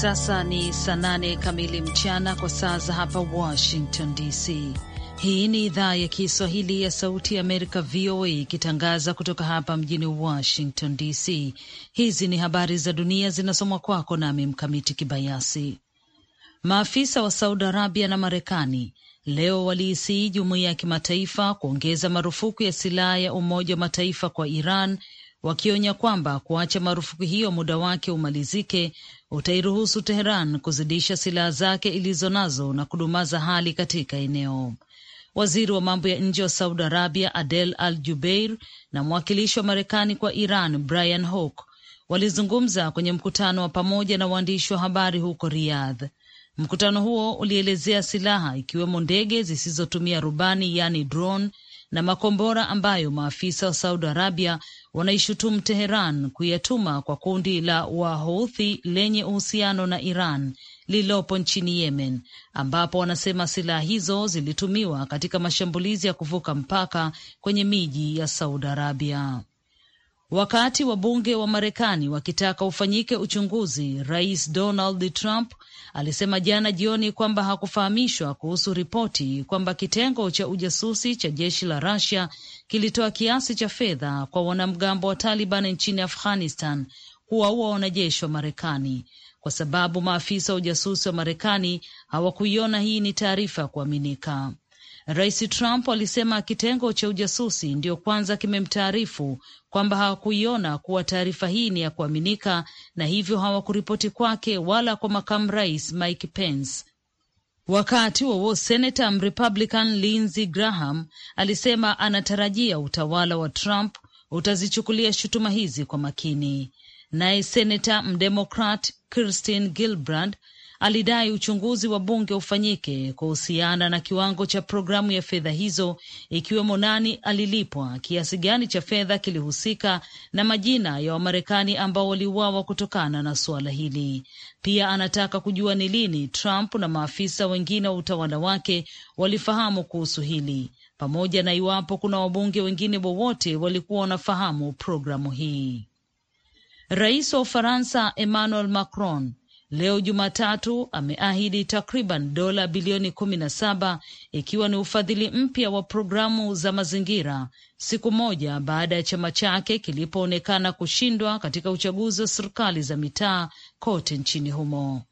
sasa ni saa nane kamili mchana kwa saa za hapa Washington DC. Hii ni idhaa ya Kiswahili ya Sauti ya Amerika, VOA, ikitangaza kutoka hapa mjini Washington DC. Hizi ni habari za dunia zinasomwa kwako nami Mkamiti Kibayasi. Maafisa wa Saudi Arabia na Marekani leo waliisii jumuiya ya kimataifa kuongeza marufuku ya silaha ya Umoja wa Mataifa kwa Iran, wakionya kwamba kuacha marufuku hiyo muda wake umalizike utairuhusu Teheran kuzidisha silaha zake ilizo nazo na kudumaza hali katika eneo. Waziri wa mambo ya nje wa Saudi Arabia Adel Al Jubeir na mwakilishi wa Marekani kwa Iran Brian hok walizungumza kwenye mkutano wa pamoja na waandishi wa habari huko Riyadh. Mkutano huo ulielezea silaha ikiwemo ndege zisizotumia rubani yani drone na makombora ambayo maafisa wa Saudi Arabia wanaishutumu Teheran kuyatuma kwa kundi la Wahouthi lenye uhusiano na Iran lililopo nchini Yemen, ambapo wanasema silaha hizo zilitumiwa katika mashambulizi ya kuvuka mpaka kwenye miji ya Saudi Arabia. Wakati wabunge wa Marekani wakitaka ufanyike uchunguzi, Rais Donald Trump alisema jana jioni kwamba hakufahamishwa kuhusu ripoti kwamba kitengo cha ujasusi cha jeshi la Russia kilitoa kiasi cha fedha kwa wanamgambo wa Taliban nchini Afghanistan kuwaua wanajeshi wa Marekani, kwa sababu maafisa wa ujasusi wa Marekani hawakuiona hii ni taarifa ya kuaminika. Rais Trump alisema kitengo cha ujasusi ndiyo kwanza kimemtaarifu kwamba hawakuiona kuwa taarifa hii ni ya kuaminika, na hivyo hawakuripoti kwake wala kwa makamu rais Mike Pence Wakati wowo senata Mrepublican Lindsey Graham alisema anatarajia utawala wa Trump utazichukulia shutuma hizi kwa makini. Naye senata Mdemokrat Kirsten Gillibrand alidai uchunguzi wa bunge ufanyike kuhusiana na kiwango cha programu ya fedha hizo, ikiwemo nani alilipwa, kiasi gani cha fedha kilihusika, na majina ya Wamarekani ambao waliuawa kutokana na suala hili. Pia anataka kujua ni lini Trump na maafisa wengine wa utawala wake walifahamu kuhusu hili, pamoja na iwapo kuna wabunge wengine wowote walikuwa wanafahamu programu hii. Rais wa Ufaransa Emmanuel Macron leo Jumatatu ameahidi takriban dola bilioni kumi na saba ikiwa ni ufadhili mpya wa programu za mazingira, siku moja baada ya chama chake kilipoonekana kushindwa katika uchaguzi wa serikali za mitaa kote nchini humo.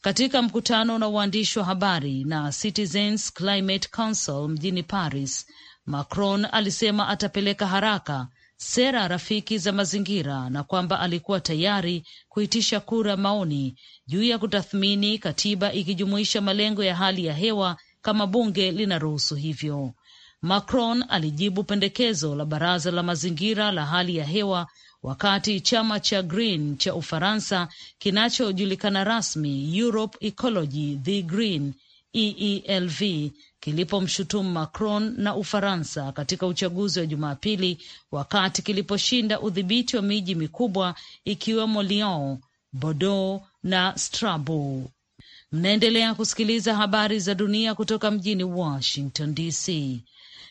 Katika mkutano na waandishi wa habari na Citizens Climate Council mjini Paris, Macron alisema atapeleka haraka sera rafiki za mazingira na kwamba alikuwa tayari kuitisha kura maoni juu ya kutathmini katiba ikijumuisha malengo ya hali ya hewa kama bunge linaruhusu hivyo. Macron alijibu pendekezo la baraza la mazingira la hali ya hewa wakati chama cha Green cha Ufaransa kinachojulikana rasmi Europe Ecology The Green EELV kilipomshutumu Macron na Ufaransa katika uchaguzi wa Jumapili wakati kiliposhinda udhibiti wa miji mikubwa ikiwemo Lyon, Bordeaux na Strasbourg. Mnaendelea kusikiliza habari za dunia kutoka mjini Washington DC.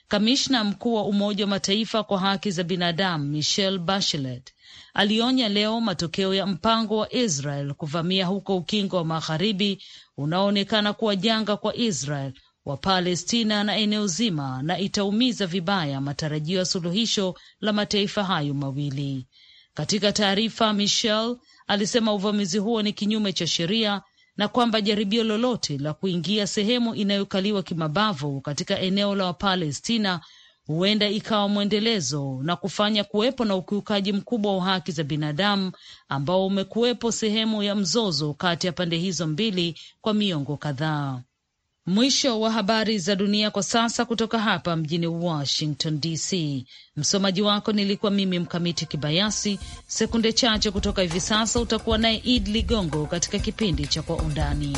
Kamishna mkuu wa Umoja wa Mataifa kwa haki za binadamu Michelle Bachelet alionya leo matokeo ya mpango wa Israel kuvamia huko Ukingo wa Magharibi unaoonekana kuwa janga kwa Israel wa Palestina na eneo zima na itaumiza vibaya matarajio ya suluhisho la mataifa hayo mawili. Katika taarifa, Michelle alisema uvamizi huo ni kinyume cha sheria na kwamba jaribio lolote la kuingia sehemu inayokaliwa kimabavu katika eneo la Wapalestina huenda ikawa mwendelezo na kufanya kuwepo na ukiukaji mkubwa wa haki za binadamu ambao umekuwepo sehemu ya mzozo kati ya pande hizo mbili kwa miongo kadhaa. Mwisho wa habari za dunia kwa sasa kutoka hapa mjini Washington DC. Msomaji wako nilikuwa mimi Mkamiti Kibayasi. Sekunde chache kutoka hivi sasa utakuwa naye Id Ligongo katika kipindi cha Kwa Undani.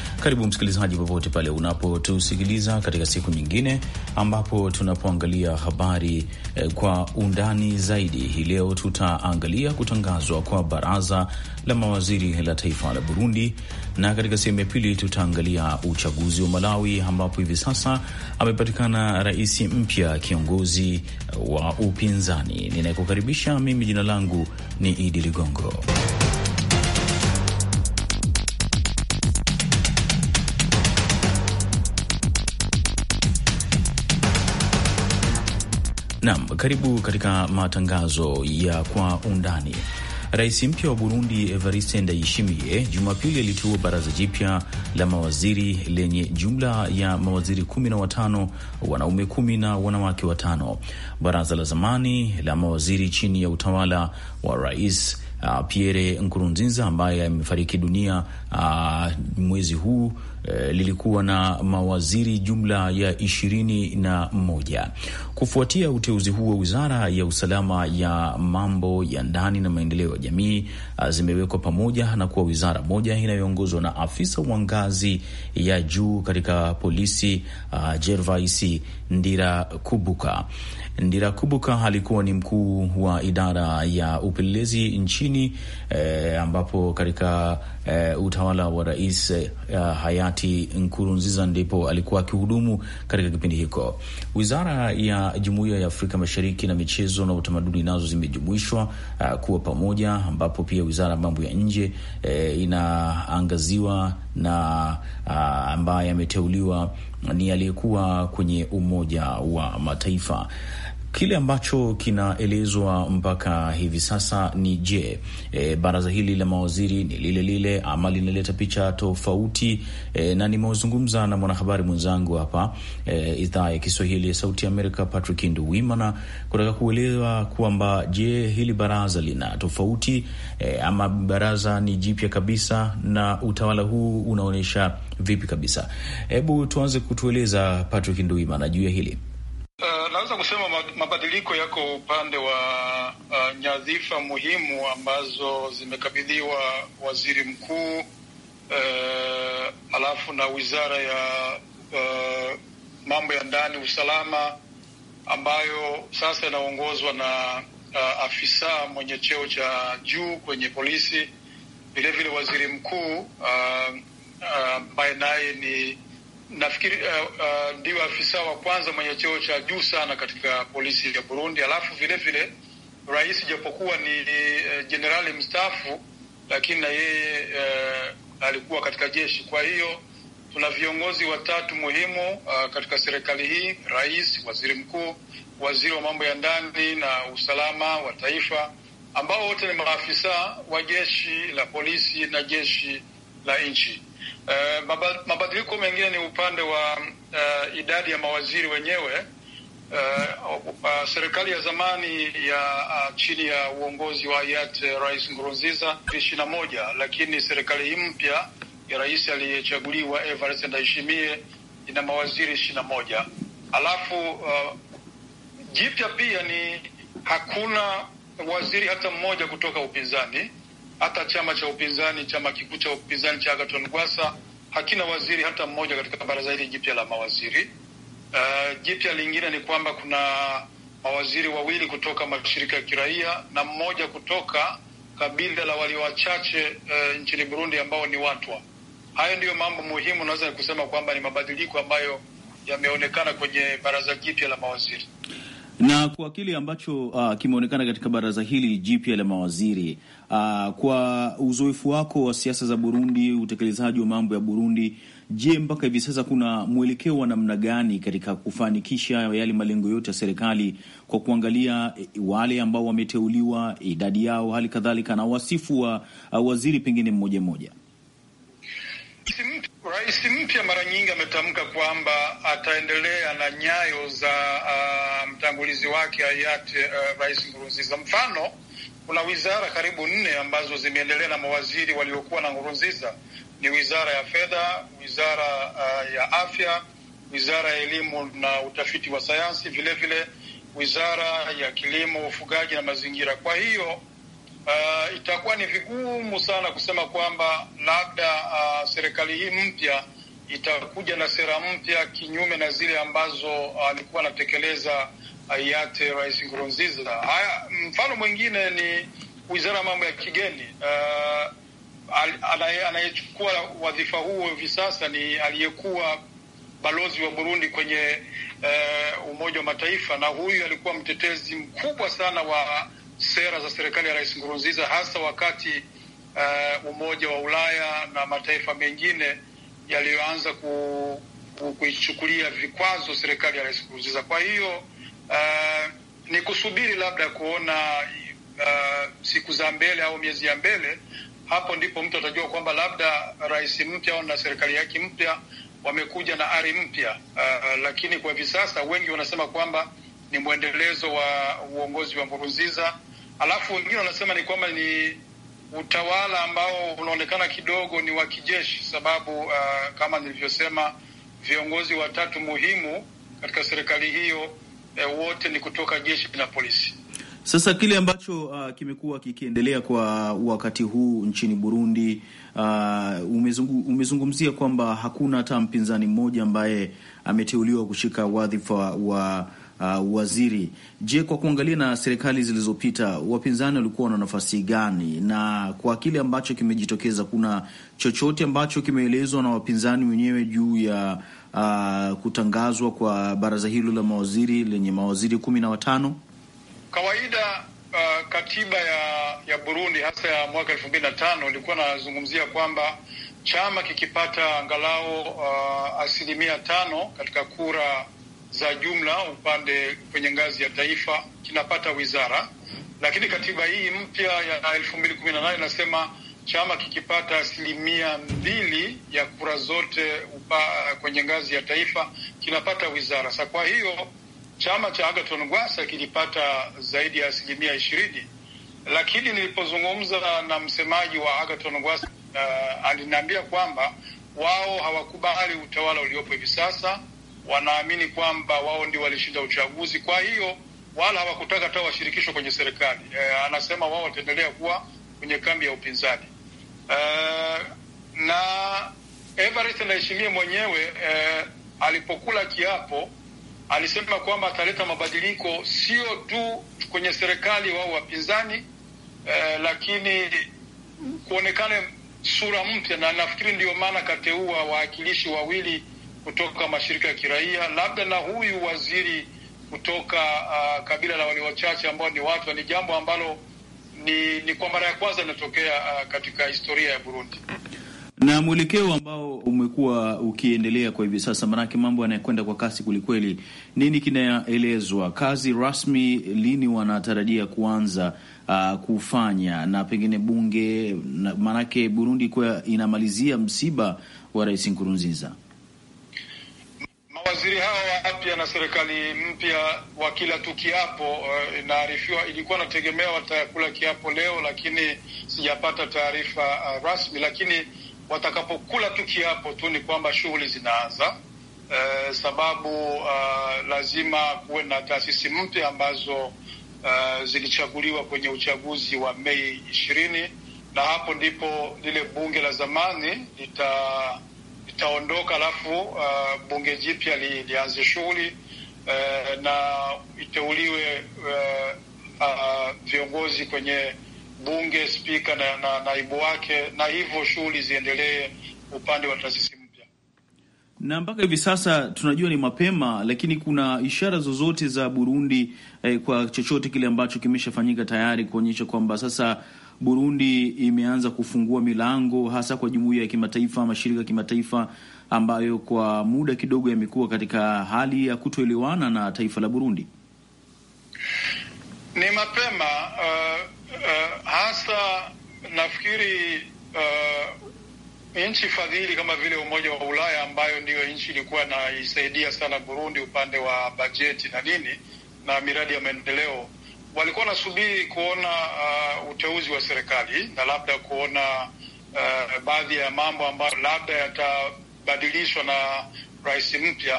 Karibu msikilizaji, popote pale unapotusikiliza katika siku nyingine ambapo tunapoangalia habari eh, kwa undani zaidi. Hii leo tutaangalia kutangazwa kwa baraza la mawaziri la taifa la Burundi, na katika sehemu ya pili tutaangalia uchaguzi wa Malawi ambapo hivi sasa amepatikana rais mpya, kiongozi eh, wa upinzani. Ninayekukaribisha mimi, jina langu ni Idi Ligongo. Naam, karibu katika matangazo ya kwa undani. Rais mpya wa Burundi Evariste Ndayishimiye Jumapili aliteua baraza jipya la mawaziri lenye jumla ya mawaziri kumi na watano, wanaume kumi na wanawake watano. Baraza la zamani la mawaziri chini ya utawala wa rais Uh, Pierre Nkurunziza ambaye amefariki dunia uh, mwezi huu Eh, lilikuwa na mawaziri jumla ya ishirini na moja. Kufuatia uteuzi huo, wizara ya usalama ya mambo ya ndani na maendeleo ya jamii ah, zimewekwa pamoja na kuwa wizara moja inayoongozwa na afisa wa ngazi ya juu katika polisi uh, ah, Gervais ndira kubuka alikuwa ni mkuu wa idara ya upelelezi nchini eh, ambapo katika uh, utawala wa rais uh, hayati Nkurunziza ndipo alikuwa akihudumu katika kipindi hiko. Wizara ya Jumuiya ya Afrika Mashariki na michezo na utamaduni nazo zimejumuishwa uh, kuwa pamoja, ambapo pia wizara ya mambo ya nje uh, inaangaziwa na uh, ambaye ameteuliwa ni aliyekuwa kwenye Umoja wa Mataifa. Kile ambacho kinaelezwa mpaka hivi sasa ni je, e, baraza hili la mawaziri ni lile lile ama linaleta picha tofauti? E, na nimezungumza na mwanahabari mwenzangu hapa e, idhaa ya Kiswahili ya Sauti Amerika Patrick Nduwimana kutaka kuelewa kwamba je, hili baraza lina tofauti e, ama baraza ni jipya kabisa na utawala huu unaonyesha vipi kabisa? Hebu tuanze kutueleza Patrick Nduwimana juu ya hili. Naweza kusema mabadiliko yako upande wa uh, nyadhifa muhimu ambazo zimekabidhiwa waziri mkuu uh, alafu na wizara ya uh, mambo ya ndani, usalama, ambayo sasa inaongozwa na uh, afisa mwenye cheo cha juu kwenye polisi, vilevile waziri mkuu ambaye uh, uh, naye ni nafikiri uh, uh, ndio afisa wa kwanza mwenye cheo cha juu sana katika polisi ya Burundi. Alafu vile vile rais, japokuwa ni jenerali uh, mstaafu, lakini na yeye uh, alikuwa katika jeshi. Kwa hiyo tuna viongozi watatu muhimu uh, katika serikali hii: rais, waziri mkuu, waziri wa mambo ya ndani na usalama wa taifa, ambao wote ni maafisa wa jeshi la polisi na jeshi la nchi. Eh, mabadiliko mengine ni upande wa uh, idadi ya mawaziri wenyewe. Uh, uh, serikali ya zamani ya uh, chini ya uongozi wa hayati Rais Nkurunziza ishirini na moja, lakini serikali hii mpya ya rais aliyechaguliwa Evariste Ndayishimiye ina mawaziri ishirini na moja. Alafu uh, jipya pia ni hakuna waziri hata mmoja kutoka upinzani hata chama cha upinzani, chama kikuu cha upinzani cha Agathon gwasa hakina waziri hata mmoja katika baraza hili jipya la mawaziri. Uh, jipya lingine ni kwamba kuna mawaziri wawili kutoka mashirika ya kiraia na mmoja kutoka kabila la walio wachache uh, nchini Burundi ambao ni Watwa. Hayo ndiyo mambo muhimu, naweza kusema kwamba ni mabadiliko ambayo yameonekana kwenye baraza jipya la mawaziri. Na kwa kile ambacho uh, kimeonekana katika baraza hili jipya la mawaziri uh, kwa uzoefu wako wa siasa za Burundi, utekelezaji wa mambo ya Burundi, je, mpaka hivi sasa kuna mwelekeo wa namna gani katika kufanikisha yale malengo yote ya serikali kwa kuangalia eh, wale ambao wameteuliwa, idadi yao, hali kadhalika na wasifu wa uh, waziri pengine mmoja mmoja? Rais mpya mara nyingi ametamka kwamba ataendelea na nyayo za uh, mtangulizi wake hayati uh, Rais Nkurunziza. Mfano, kuna wizara karibu nne ambazo zimeendelea na mawaziri waliokuwa na Nkurunziza, ni wizara ya fedha, wizara uh, ya afya, wizara ya elimu na utafiti wa sayansi, vilevile vile, wizara ya kilimo, ufugaji na mazingira. Kwa hiyo uh, itakuwa ni vigumu sana kusema kwamba labda uh, serikali hii mpya itakuja na sera mpya kinyume na zile ambazo uh, alikuwa uh, anatekeleza hayati uh, Rais Nkurunziza. Haya, mfano mwingine ni wizara ya mambo ya kigeni uh, anayechukua wadhifa huo hivi sasa ni aliyekuwa balozi wa Burundi kwenye uh, Umoja wa Mataifa, na huyu alikuwa mtetezi mkubwa sana wa sera za serikali ya Rais Nkurunziza, hasa wakati uh, Umoja wa Ulaya na mataifa mengine yaliyoanza ku, ku, kuichukulia vikwazo serikali ya Rais Nkurunziza. Kwa hiyo uh, ni kusubiri labda kuona uh, siku za mbele au miezi ya mbele. Hapo ndipo mtu atajua kwamba labda rais mpya au na serikali yake mpya wamekuja na ari mpya uh, lakini kwa hivi sasa wengi wanasema kwamba ni mwendelezo wa uongozi wa Nkurunziza alafu wengine wanasema ni kwamba ni utawala ambao unaonekana kidogo ni wa kijeshi, sababu uh, kama nilivyosema viongozi watatu muhimu katika serikali hiyo eh, wote ni kutoka jeshi na polisi. Sasa kile ambacho uh, kimekuwa kikiendelea kwa wakati huu nchini Burundi uh, umezungu, umezungumzia kwamba hakuna hata mpinzani mmoja ambaye ameteuliwa kushika wadhifa wa uh, waziri. Je, kwa kuangalia na serikali zilizopita, wapinzani walikuwa na nafasi gani? Na kwa kile ambacho kimejitokeza, kuna chochote ambacho kimeelezwa na wapinzani wenyewe juu ya uh, kutangazwa kwa baraza hilo la mawaziri lenye mawaziri kumi na watano? Kawaida uh, katiba ya, ya Burundi hasa ya mwaka elfu mbili na tano ilikuwa nazungumzia kwamba chama kikipata angalau uh, asilimia tano katika kura za jumla upande kwenye ngazi ya taifa kinapata wizara, lakini katiba hii mpya ya elfu mbili kumi na nane inasema chama kikipata asilimia mbili ya kura zote upa, kwenye ngazi ya taifa kinapata wizara. Sa kwa hiyo chama cha Agaton Gwasa kilipata zaidi ya asilimia ishirini, lakini nilipozungumza na msemaji wa Agaton Gwasa uh, aliniambia kwamba wao hawakubali utawala uliopo hivi sasa wanaamini kwamba wao ndio walishinda uchaguzi, kwa hiyo wala hawakutaka hata washirikishwe kwenye serikali. E, anasema wao wataendelea kuwa kwenye kambi ya upinzani. E, na Evariste Ndayishimiye mwenyewe e, alipokula kiapo alisema kwamba ataleta mabadiliko sio tu kwenye serikali wao wapinzani, e, lakini kuonekane sura mpya, na nafikiri ndio maana kateua wawakilishi wawili kutoka mashirika ya kiraia, labda na huyu waziri kutoka uh, kabila la walio wachache ambao ni watu, ni jambo ambalo ni, ni kwa mara ya kwanza inatokea uh, katika historia ya Burundi na mwelekeo ambao umekuwa ukiendelea kwa hivi sasa, maanake mambo yanayokwenda kwa kasi kwelikweli. Nini kinaelezwa kazi rasmi, lini wanatarajia kuanza uh, kufanya na pengine bunge, maanake Burundi kwa inamalizia msiba wa Rais Nkurunziza. Mawaziri hawa wa afya na serikali mpya wakila tu kiapo, uh, eh, inaarifiwa. Ilikuwa nategemea watakula kiapo leo, lakini sijapata taarifa uh, rasmi. Lakini watakapokula tu kiapo tu ni kwamba shughuli zinaanza, uh, sababu uh, lazima kuwe na taasisi mpya ambazo uh, zilichaguliwa kwenye uchaguzi wa Mei ishirini, na hapo ndipo lile bunge la zamani lita itaondoka, alafu uh, bunge jipya lianze shughuli uh, na iteuliwe uh, uh, viongozi kwenye bunge, spika na, na naibu wake, na hivyo shughuli ziendelee upande wa taasisi mpya. Na mpaka hivi sasa tunajua ni mapema, lakini kuna ishara zozote za Burundi eh, kwa chochote kile ambacho kimeshafanyika tayari kuonyesha kwamba sasa Burundi imeanza kufungua milango hasa kwa jumuiya ya kimataifa, mashirika ya kimataifa ambayo kwa muda kidogo yamekuwa katika hali ya kutoelewana na taifa la Burundi? Ni mapema uh, uh, hasa nafikiri uh, nchi fadhili kama vile Umoja wa Ulaya ambayo ndiyo nchi ilikuwa naisaidia sana Burundi upande wa bajeti na nini na miradi ya maendeleo walikuwa wanasubiri kuona uh, uteuzi wa serikali na labda kuona uh, baadhi ya mambo ambayo labda yatabadilishwa na rais mpya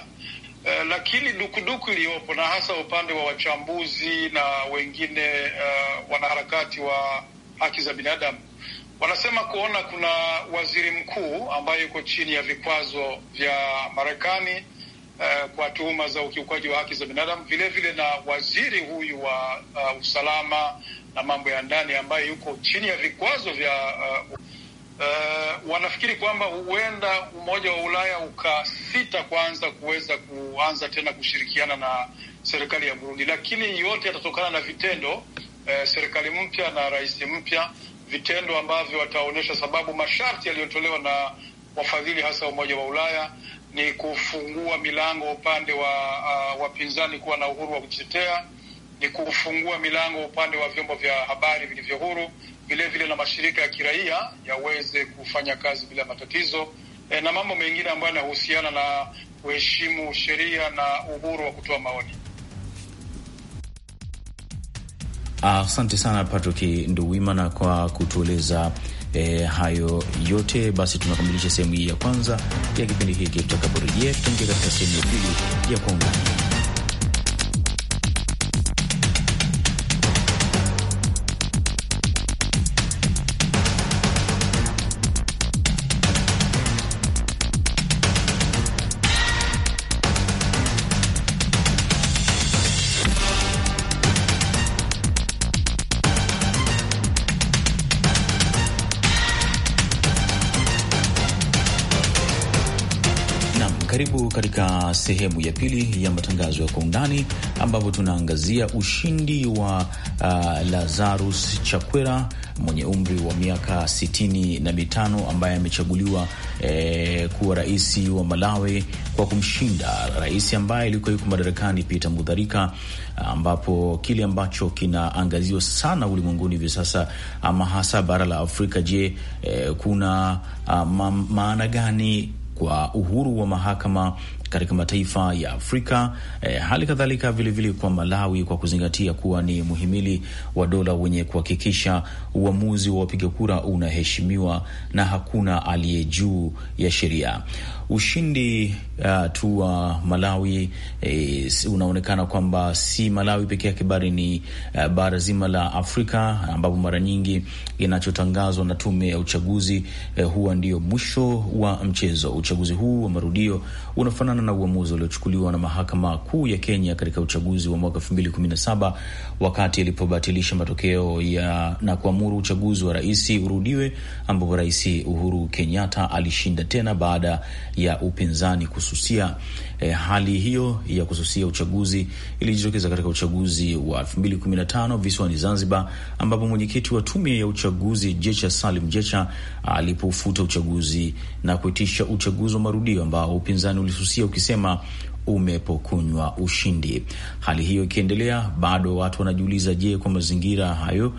uh, lakini dukuduku iliyopo na hasa upande wa wachambuzi na wengine uh, wanaharakati wa haki za binadamu wanasema kuona kuna waziri mkuu ambaye yuko chini ya vikwazo vya Marekani uh, kwa tuhuma za ukiukaji wa haki za binadamu, vilevile na waziri huyu wa uh, usalama na mambo ya ndani ambaye yuko chini ya vikwazo vya uh, uh, wanafikiri kwamba huenda Umoja wa Ulaya ukasita kwanza kuweza kuanza tena kushirikiana na serikali ya Burundi, lakini yote yatatokana na vitendo uh, serikali mpya na rais mpya, vitendo ambavyo wataonyesha, sababu masharti yaliyotolewa na wafadhili hasa Umoja wa Ulaya ni kufungua milango upande wa uh, wapinzani kuwa na uhuru wa kujitetea, ni kufungua milango upande wa vyombo vya habari vilivyo huru, vilevile na mashirika ya kiraia yaweze kufanya kazi bila matatizo e, na mambo mengine ambayo yanahusiana na kuheshimu sheria na uhuru wa kutoa maoni. Asante ah, sana Patrick Nduwimana kwa kutueleza E, hayo yote basi, tunakamilisha sehemu hii ya kwanza ya kipindi hiki. Tutakaporejea tutaingia katika sehemu ya pili ya kwa undani. Karibu katika sehemu ya pili ya matangazo ya kwa undani, ambapo tunaangazia ushindi wa uh, Lazarus Chakwera mwenye umri wa miaka sitini na mitano ambaye amechaguliwa eh, kuwa rais wa Malawi kwa kumshinda rais ambaye alikuwa yuko madarakani Peter Mutharika, ambapo kile ambacho kinaangaziwa sana ulimwenguni hivi sasa ama hasa bara la Afrika. Je, eh, kuna ah, ma maana gani kwa uhuru wa mahakama katika mataifa ya Afrika e, hali kadhalika vilevile kwa Malawi kwa kuzingatia kuwa ni muhimili wa dola wenye kuhakikisha uamuzi wa wapiga kura unaheshimiwa na hakuna aliye juu ya sheria ushindi uh, tu wa uh, Malawi eh, unaonekana kwamba si Malawi peke yake bali ni uh, bara zima la Afrika, ambapo mara nyingi inachotangazwa na tume ya uchaguzi eh, huwa ndio mwisho wa mchezo. Uchaguzi huu wa marudio unafanana na uamuzi uliochukuliwa na mahakama kuu ya Kenya katika uchaguzi wa mwaka 2017 wakati ilipobatilisha matokeo ya na kuamuru uchaguzi wa rais urudiwe, ambapo Rais Uhuru Kenyatta alishinda tena baada ya upinzani kususia e, hali hiyo ya kususia uchaguzi ilijitokeza katika uchaguzi wa 2015 visiwani Zanzibar, ambapo mwenyekiti wa tume ya uchaguzi Jecha Salim Jecha alipofuta uchaguzi na kuitisha uchaguzi wa marudio ambao upinzani ulisusia ukisema umepokunywa ushindi. Hali hiyo ikiendelea, bado watu wanajiuliza, je, kwa mazingira hayo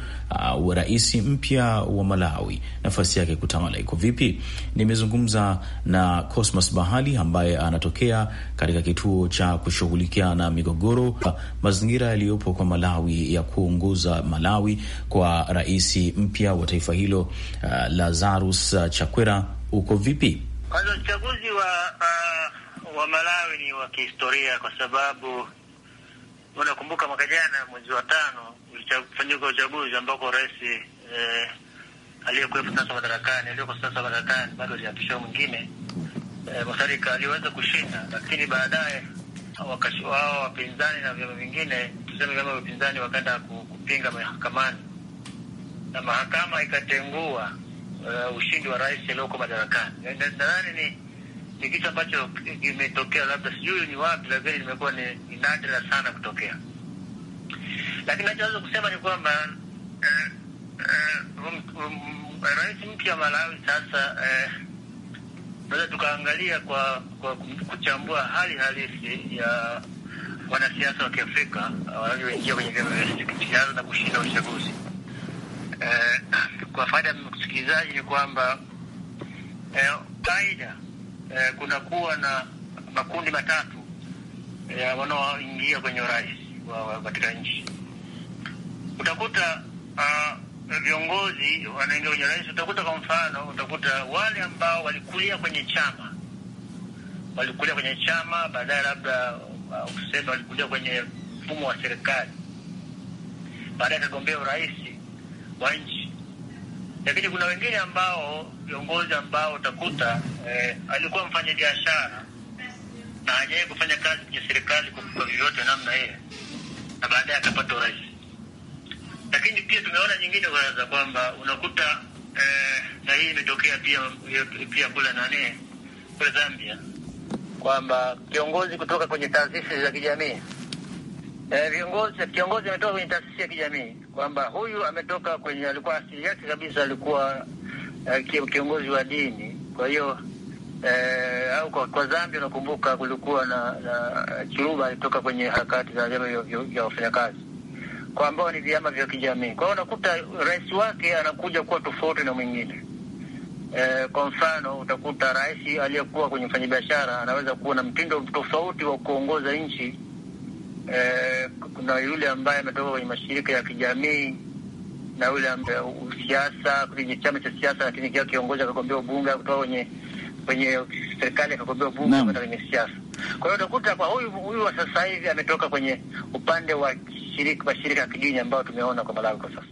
uh, rais mpya wa Malawi nafasi yake kutawala iko vipi? Nimezungumza na Cosmas Bahali ambaye anatokea katika kituo cha kushughulikia na migogoro, mazingira yaliyopo kwa Malawi ya kuongoza Malawi kwa rais mpya wa taifa hilo uh, Lazarus Chakwera uko vipi? Kwanza uchaguzi wa uh wa Malawi ni wa kihistoria kwa sababu unakumbuka mwaka jana mwezi wa tano ulifanyika uchaguzi ambako rais eh, aliyekuwepo sasa madarakani aliyeko sasa madarakani bado aliapishwa mwingine eh, Masharika aliweza kushinda, lakini baadaye wao wapinzani na vyama vingine tuseme vyama vya wakaenda kupinga mahakamani na mahakama ikatengua uh, ushindi wa rais aliyoko madarakani. Nadhani ni ni kitu ambacho kimetokea, labda sijui ni wapi, lakini limekuwa ni nadra sana kutokea. Lakini nachoweza kusema ni kwamba eh, eh, um, um, rais mpya wa Malawi sasa eh, tukaangalia kwa, kwa kuchambua hali halisi ya wanasiasa wa Kiafrika wanavyoingia kwenye vyama vya kisiasa na kushinda uchaguzi. Eh, kwa faida ya msikilizaji ni kwamba eh, kaida eh, kunakuwa na makundi matatu ya eh, wanaoingia kwenye urais katika nchi. Utakuta uh, viongozi wanaingia kwenye urais. Utakuta kwa mfano, utakuta wale ambao walikulia kwenye chama, walikulia kwenye chama, baadaye labda ah, useme uh, walikulia kwenye mfumo wa serikali, baadaye akagombea urais wa nchi lakini kuna wengine ambao viongozi ambao utakuta eh, alikuwa mfanya biashara na hajawahi kufanya kazi kwenye serikali kwa vyovyote namna hiyo, na baadaye akapata urais. Lakini pia tumeona nyingine kwanza kwamba unakuta eh, na hii imetokea pia pia kule nani kule Zambia kwamba kiongozi kutoka kwenye taasisi za kijamii Eh, viongozi kiongozi ametoka kwenye taasisi ya kijamii, kwamba huyu ametoka kwenye, alikuwa asili yake kabisa alikuwa uh, kiongozi wa dini. Kwa hiyo uh, au kwa, kwa Zambia unakumbuka kulikuwa na, na Chiluba alitoka kwenye harakati za vyama vya wafanyakazi kwa ambao ni vyama vya kijamii. Kwa hiyo unakuta rais wake anakuja kuwa tofauti na mwingine. E, kwa mfano utakuta rais aliyekuwa kwenye mfanyabiashara anaweza kuwa na mtindo tofauti wa kuongoza nchi eh, kuna yule ambaye ametoka kwenye mashirika ya kijamii na yule ambaye usiasa kwenye chama cha siasa, lakini kia kiongozi akagombea ubunge kutoka kwenye kwenye serikali akagombea ubunge kwenda kwenye siasa. Kwa hiyo utakuta kwa huyu huyu wa sasa hivi ametoka kwenye upande wa shirika mashirika ya kidini ambayo tumeona kwa Malawi kwa sasa.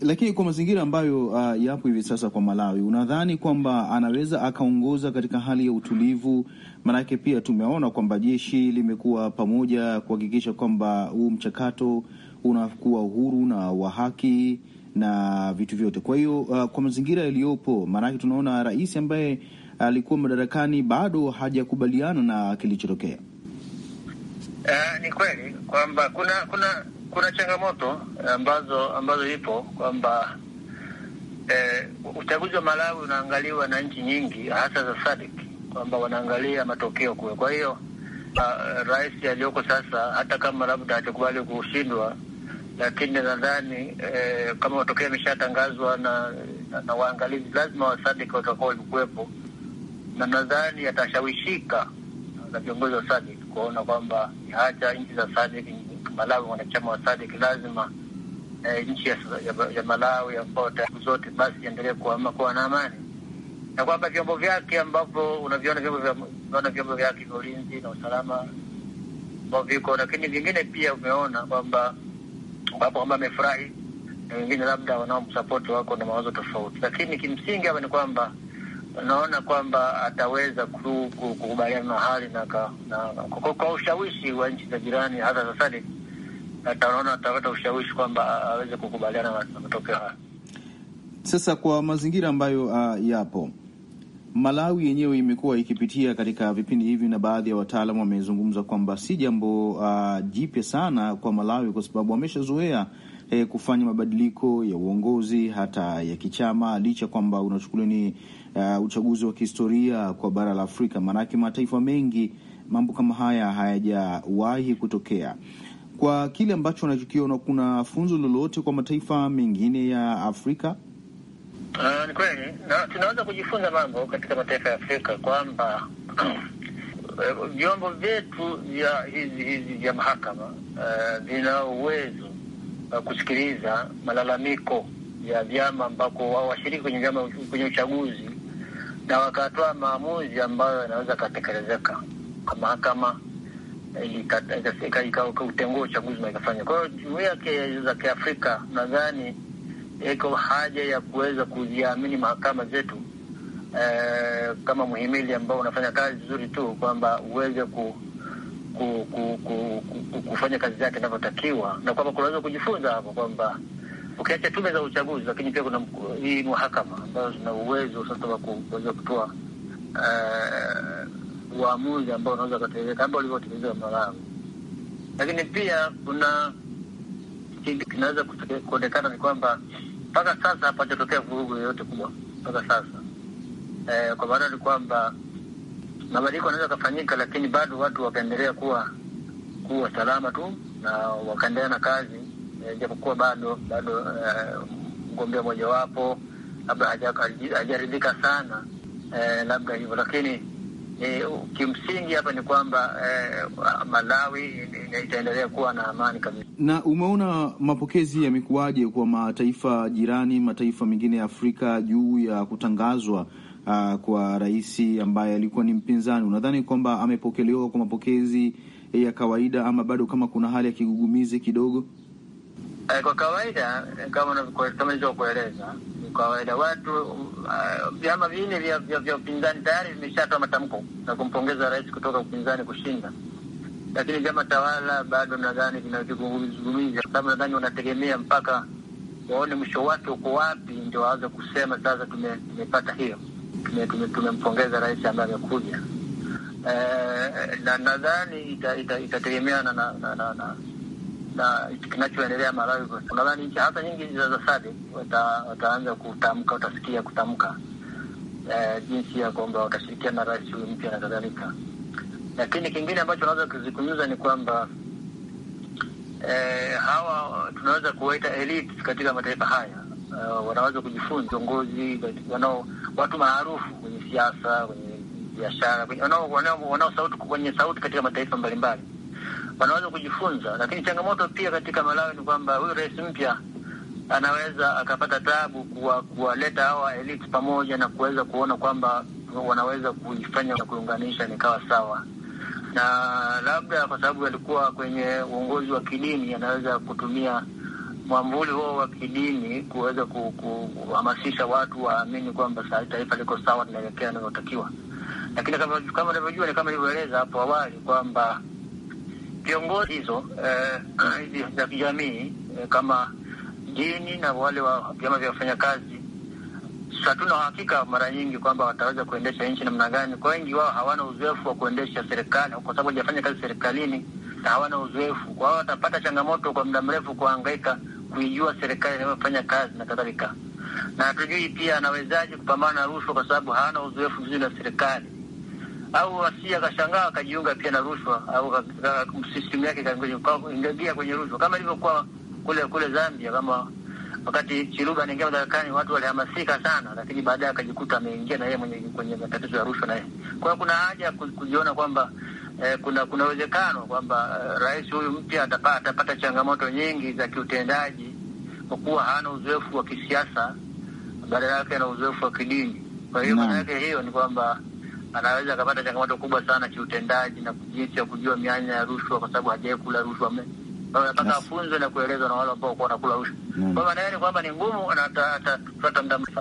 Lakini kwa mazingira ambayo uh, yapo hivi sasa kwa Malawi, unadhani kwamba anaweza akaongoza katika hali ya utulivu? Maanake pia tumeona kwamba jeshi limekuwa pamoja kuhakikisha kwamba huu mchakato unakuwa uhuru na wa haki na vitu vyote. Kwa hiyo uh, kwa mazingira yaliyopo, maanake tunaona rais ambaye alikuwa uh, madarakani bado hajakubaliana na kilichotokea. Uh, ni kweli kwamba kuna kuna kuna changamoto ambazo ambazo ipo kwamba eh, uchaguzi wa Malawi unaangaliwa na nchi nyingi hasa za SADC kwamba wanaangalia matokeo kule. Kwa hiyo uh, rais aliyoko sasa hata kama labda hatakubali kushindwa, lakini nadhani eh, kama matokeo yameshatangazwa na, na, na waangalizi lazima wa SADC watakuwa walikuwepo, na nadhani atashawishika na viongozi wa SADC kuona kwamba acha nchi za SADC Malawi wanachama wa SADC lazima eh, nchi ya, ya, ya Malawi ambao siku zote basi iendelee kuwa na amani na kwamba vyombo vyake ambavyo unaviona unaona vyombo vyake vya ulinzi na usalama ambao viko, lakini vingine pia umeona kwamba wapo kwamba amefurahi na wengine labda wanaomsapoti wako na mawazo tofauti, lakini kimsingi hapa ni kwamba unaona kwamba ataweza kukubaliana na hali na kwa ushawishi wa nchi za jirani hasa za SADC ataona atapata ushawishi kwamba aweze kukubaliana na matokeo haya. Sasa kwa mazingira ambayo uh, yapo Malawi yenyewe imekuwa ikipitia katika vipindi hivi, na baadhi ya wataalamu wamezungumza kwamba si jambo uh, jipya sana kwa Malawi kwa sababu wameshazoea eh, kufanya mabadiliko ya uongozi hata ya kichama, licha kwamba unachukuliwa ni uh, uchaguzi wa kihistoria kwa bara la Afrika, maanake mataifa mengi mambo kama haya hayajawahi kutokea kwa kile ambacho wanachokiona, kuna funzo lolote kwa mataifa mengine ya Afrika? Uh, ni kweli na tunaweza kujifunza mambo katika mataifa ya Afrika kwamba eh, vyombo vyetu vya hizi hizi vya mahakama eh, vina uh, uwezo wa uh, kusikiliza malalamiko ya vyama ambako wao washiriki kwenye vyama kwenye uchaguzi na wakatoa maamuzi ambayo yanaweza akatekelezeka kwa mahakama ikautengua uchaguzi na ikafanya. Kwa hiyo jumuia za Kiafrika nadhani iko haja ya kuweza kuziamini mahakama zetu eh, kama muhimili ambao unafanya kazi vizuri tu kwamba uweze ku Ku, ku, ku, ku, kufanya kazi zake inavyotakiwa na kwamba kunaweza kujifunza hapo kwamba ukiacha tume za uchaguzi, lakini pia kuna hii mahakama ambazo zina uwezo sasa wa kuweza kutoa uh, uamuzi ambao unaweza ukatekelezeka ambao ulivyotekelezwa Malawi. Lakini pia kuna kinaweza kuonekana ni kwamba mpaka sasa hapajatokea vurugu yoyote kubwa mpaka sasa e, kwa maana ni kwamba mabadiliko yanaweza kafanyika lakini bado watu wakaendelea kuwa kuwa salama tu na wakaendelea na kazi e, japokuwa bado bado e, mgombea mojawapo labda hajaridhika sana e, labda hivyo lakini E, kimsingi hapa ni kwamba eh, Malawi itaendelea kuwa na amani kabisa. Na umeona mapokezi yamekuwaje kwa mataifa jirani, mataifa mengine ya Afrika juu ya kutangazwa uh, kwa rais ambaye alikuwa ni mpinzani? Unadhani kwamba amepokelewa kwa mapokezi ya kawaida ama bado kama kuna hali ya kigugumizi kidogo? Eh, kwa kawaida kama nilivyokueleza ni kawaida watu eh, vyama vinne vya upinzani tayari vimeshatoa matamko na kumpongeza rais kutoka upinzani kushinda, lakini vyama tawala bado nadhani vinavigumiza, kwa sababu nadhani wanategemea mpaka waone mwisho wake uko wapi, ndio waanze kusema sasa tumepata hiyo, tumempongeza rais ambaye amekuja, eh, na nadhani itategemeana na na kinachoendelea Malawi. Nadhani nchi hasa nyingi za SADC wataanza kutamka, watasikia kutamka eh, jinsi ya kwamba watashirikiana na rais huyu mpya na kadhalika. Lakini kingine ambacho unaweza kuzungumza ni kwamba eh, hawa tunaweza kuwaita katika mataifa haya eh, wanaweza kujifunza viongozi wanao watu maarufu kwenye siasa, kwenye biashara, wanao sauti, kwenye sauti katika mataifa mbalimbali wanaweza kujifunza, lakini changamoto pia katika Malawi ni kwamba huyu rais mpya anaweza akapata tabu kuwaleta hawa elite pamoja na kuweza kuona kwamba wanaweza kuifanya na kuunganisha nikawa sawa, na labda kwa sababu alikuwa kwenye uongozi wa kidini, anaweza kutumia mwamvuli huo wa kidini kuweza kuhamasisha watu waamini kwamba taifa liko sawa, linaelekea inavyotakiwa. Lakini kama unavyojua ni kama ilivyoeleza hapo awali kwamba viongozi hizo eh, ah, hizi eh, za kijamii eh, kama jini na wale wa vyama vya wafanyakazi, hatuna uhakika mara nyingi kwamba wataweza kuendesha nchi namna gani. Kwa wengi wao hawana uzoefu wa kuendesha serikali, kwa sababu hajafanya kazi serikalini na hawana uzoefu. Kwa hao watapata changamoto kwa muda mrefu kuhangaika kuijua serikali inayofanya kazi na kadhalika, na hatujui pia anawezaje kupambana na rushwa, kwa sababu hawana uzoefu vizuri na serikali au asia akashangaa akajiunga pia na rushwa au system yake ingia kwenye rushwa, kama ilivyokuwa kule kule Zambia. Kama wakati Chiluba anaingia madarakani watu walihamasika sana, lakini baadaye akajikuta ameingia na yeye mwenye kwenye matatizo ya rushwa Naye Kwa kuna haja kujiona kwamba eh, kuna kuna uwezekano kwamba eh, rais huyu mpya atapata, atapata changamoto nyingi za kiutendaji kwa kuwa hana uzoefu wa kisiasa, badala yake ana uzoefu wa kidini. Kwa hiyo maana yake hiyo ni kwamba anaweza akapata changamoto kubwa sana kiutendaji na jinsi ya kujua mianya ya rushwa, kwa sababu hajawahi kula rushwa. Anataka afunzwe na kuelezwa na wale ambao wanakula rushwa. Mm. Kwa maana ni kwamba ni ngumu, na tutapata muda mrefu.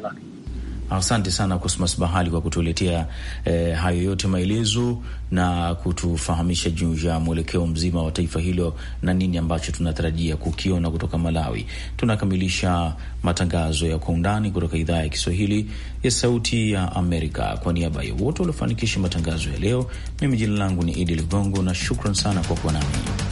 Asante sana Cosmas Bahali kwa kutuletea eh, hayo yote maelezo na kutufahamisha juu ya mwelekeo mzima wa taifa hilo na nini ambacho tunatarajia kukiona kutoka Malawi. Tunakamilisha matangazo ya kwa undani kutoka idhaa ya Kiswahili ya Sauti ya Amerika. Kwa niaba ya wote waliofanikisha matangazo ya leo, mimi jina langu ni Idi Ligongo na shukran sana kwa kuwa nami.